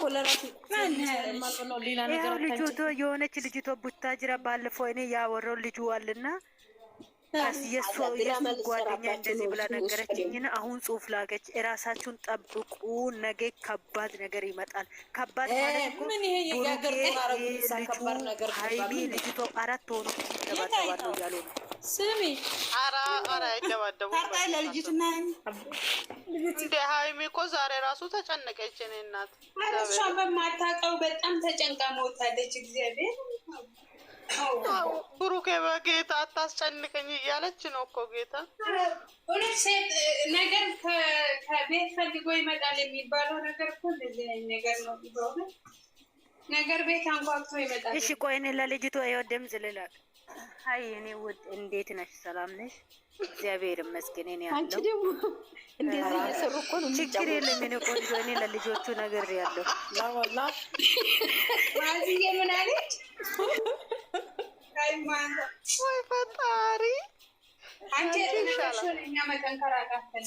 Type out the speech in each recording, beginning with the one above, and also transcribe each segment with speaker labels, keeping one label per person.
Speaker 1: ስራ ልጁ የሆነች ልጅቶ ቡታጅራ ባለፈው እኔ ያወረው ልጁ አለና የሱ ጓደኛ እንደዚህ ብላ ነገረችኝና አሁን ጽሁፍ ላገች። እራሳችሁን ጠብቁ፣ ነገ ከባድ ነገር ይመጣል። ከባድ ማለት ልጁ ሀይሚ ልጅቶ አራት ሆኖ
Speaker 2: ይጠባጠባሉ እያሉ ነው ስሚ
Speaker 3: እንደ ሀይሚ እኮ ዛሬ ራሱ ተጨነቀች። እኔ እናት
Speaker 2: እሷን በማታውቀው በጣም ተጨንቃ ሞታለች። እግዚአብሔር
Speaker 3: ብሩኬ በጌታ አታስጨንቀኝ እያለች ነው እኮ ጌታ።
Speaker 2: እውነት ሴት ነገር ከቤት ፈልጎ ይመጣል የሚባለው ነገር እኮ እንደዚህ ነገር ነው። ነገር ቤት አንኳኩቶ ይመጣል።
Speaker 1: እሺ ቆይ እኔ ለልጅቷ ይኸው ድምፅ ሀይ እኔ ውድ እንዴት ነሽ? ሰላም ነሽ? እግዚአብሔር ይመስገን። እኔ ያለው አንቺ ደግሞ እንደዚህ እየሰሩ እኮ ነው። ችግር የለም። እኔ ቆንጆ፣ እኔ ለልጆቹ ነገር ያለው
Speaker 3: ላዋላ
Speaker 2: ማዚ የምን አለች?
Speaker 3: ወይ ፈጣሪ
Speaker 2: አንቺ ለነሽን እኛ መጠንከር አቃተን።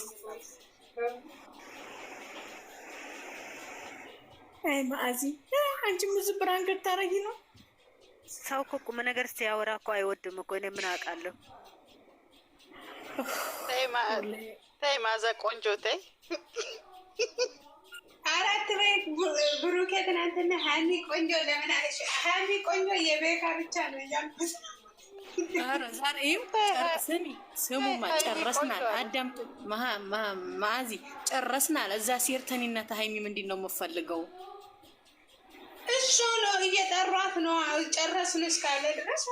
Speaker 2: አይ ማዚ አንቺ ብዙ ብራንክ ታረጊ ነው
Speaker 1: ሰው እኮ ቁም ነገር ሲያወራ እኮ አይወድም እኮ። እኔ ምን አውቃለሁ?
Speaker 3: ተይ ማዘ ቆንጆ ተይ።
Speaker 2: አራት ቤት ብሩኬ ትናንትና ሀሚ ቆንጆ ለምን አለሽ? ሀሚ ቆንጆ የቤካ ብቻ ነው እያልኩት
Speaker 1: ስሚ ስሙማ፣ ጨረስናል። አዳምጡ መአዚ ጨረስናል። እዛ ሴርተኒና ተሀይሚ ምንድን ነው የምፈልገው?
Speaker 2: እየጠሯት ነው። ጨረስን እስካለ ድረስ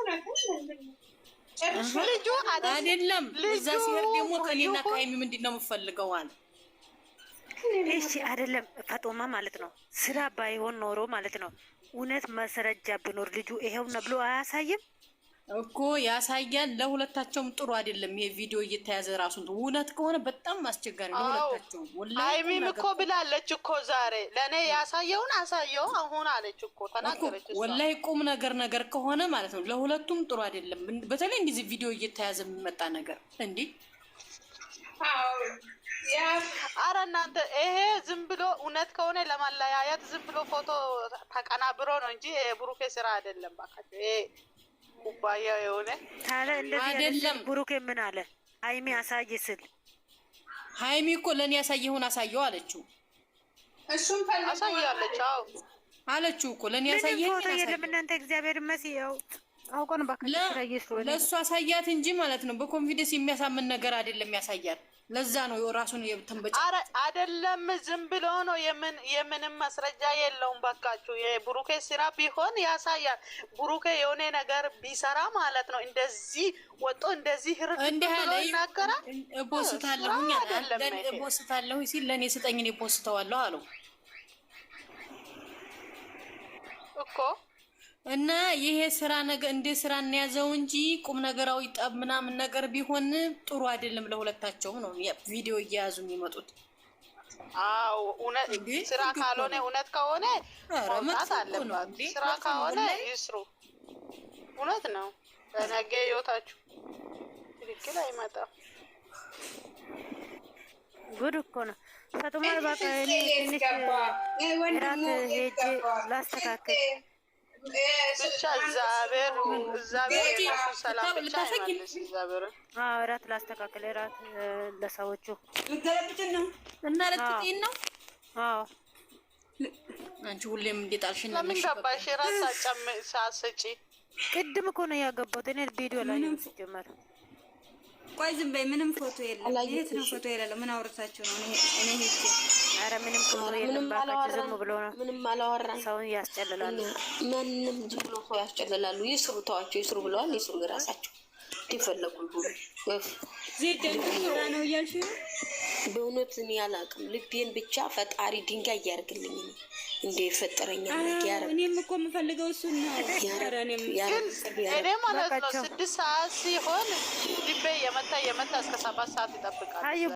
Speaker 3: ልጁ
Speaker 1: አይደለም እዛ ሲሄድ ደግሞ ከኔና ከሀይሚ ምንድን ነው የምፈልገው አለ። እሺ አይደለም ፈጦማ ማለት ነው። ስራ ባይሆን ኖሮ ማለት ነው እውነት ማስረጃ ብኖር ልጁ ይሄው ነው ብሎ አያሳይም። እኮ ያሳያል። ለሁለታቸውም ጥሩ አይደለም። ይሄ ቪዲዮ እየተያዘ ራሱ እውነት ከሆነ በጣም አስቸጋሪ ለሁለታቸውም።
Speaker 3: እኮ ብላለች እኮ ዛሬ ለእኔ ያሳየውን አሳየው አሁን አለች እኮ ተናገረች።
Speaker 1: ቁም ነገር ነገር ከሆነ ማለት ነው ለሁለቱም ጥሩ አይደለም። በተለይ እንደዚህ ቪዲዮ እየተያዘ የሚመጣ ነገር እንዲህ
Speaker 3: አረ እናንተ ይሄ ዝም ብሎ እውነት ከሆነ ለማለያየት ዝም ብሎ ፎቶ ተቀናብሮ ነው እንጂ ብሩኬ ስራ አይደለም። ባካቸው ኩባያ የሆነ
Speaker 1: ታለ እንደዚህ አይደለም። ብሩክ ምን አለ? ሀይሚ አሳይ ስል ሀይሚ እኮ ለእኔ ያሳየሁን አሳየው አለችው።
Speaker 3: እሱም ፈልጎ አሳየው
Speaker 1: አለችው እኮ ለእኔ ያሳየ አሳየው።
Speaker 2: ምንም ፎቶ የለም እናንተ እግዚአብሔር ይመስገን።
Speaker 1: ለእሱ አሳያት እንጂ ማለት ነው። በኮንፊደንስ የሚያሳምን ነገር አይደለም ያሳያት። ለዛ ነው ራሱን የተንበጫ
Speaker 3: አይደለም። ዝም ብሎ ነው። የምን የምንም ማስረጃ የለውም። በቃችሁ የብሩኬ ስራ ቢሆን ያሳያል። ብሩኬ የሆነ ነገር ቢሰራ ማለት ነው። እንደዚህ ወጦ እንደዚህ
Speaker 1: ይናገራል። ቦስታለሁ ሲል ለእኔ ስጠኝ እኔ ቦስተዋለሁ አለው እኮ እና ይሄ ስራ ነገ እንደ ስራ እናያዘው እንጂ ቁም ነገራዊ ጠብ ምናምን ነገር ቢሆን ጥሩ አይደለም። ለሁለታቸውም ነው ቪዲዮ እየያዙ የሚመጡት።
Speaker 3: አዎ እውነት ስራ ካልሆነ እውነት ከሆነ መውጣት አለባት። ስራ ከሆነ ይስሩ። እውነት ነው። በነገ ህይወታችሁ ትክክል አይመጣም።
Speaker 1: ጉድ እኮ ነው። ፈጥሞ ባቀ ትንሽ ራት ሄጄ ላስተካክል
Speaker 3: እግዚአብሔር ሰላም ብቻ
Speaker 1: እራት ላስተካክል እራት ለሰዎቹ
Speaker 2: ልትገለብጭን ነው እና ልትጤን ነው።
Speaker 1: አንቺ ሁሌም እንዲጣልሽ ነው።
Speaker 3: ለምን ገባሽ? እራት ሳስጪ
Speaker 1: ቅድም እኮ ነው ያገባሁት እኔ ቪዲዮ ላይ ሲጀመር ቆይ ዝም በይ። ምንም ፎቶ የለም። የት ነው ፎቶ የሌለው? ምን አውርታችሁ ነው? እኔ ሄጄ ኧረ ምንም ክብር የለባቸው። ዝም ብሎ ነው ምንም አላወራም። ሰውን ያስጨልላሉ።
Speaker 2: ማንም ዝም ብሎ እኮ ያስጨልላሉ። ይስሩ፣ ተዋቸው፣ ይስሩ ብለዋል። ይስሩ የራሳቸው የፈለጉ በእውነት እኔ አላውቅም። ልቤን ብቻ ፈጣሪ ድንጋይ እያደርግልኝ እንደ የፈጠረኛ
Speaker 1: እኔም እኮ የምፈልገው እሱን እኔ
Speaker 3: ማለት ነው ስድስት ሰዓት ሲሆን ልቤ የመታ የመታ እስከ ሰባት ሰዓት ይጠብቃል።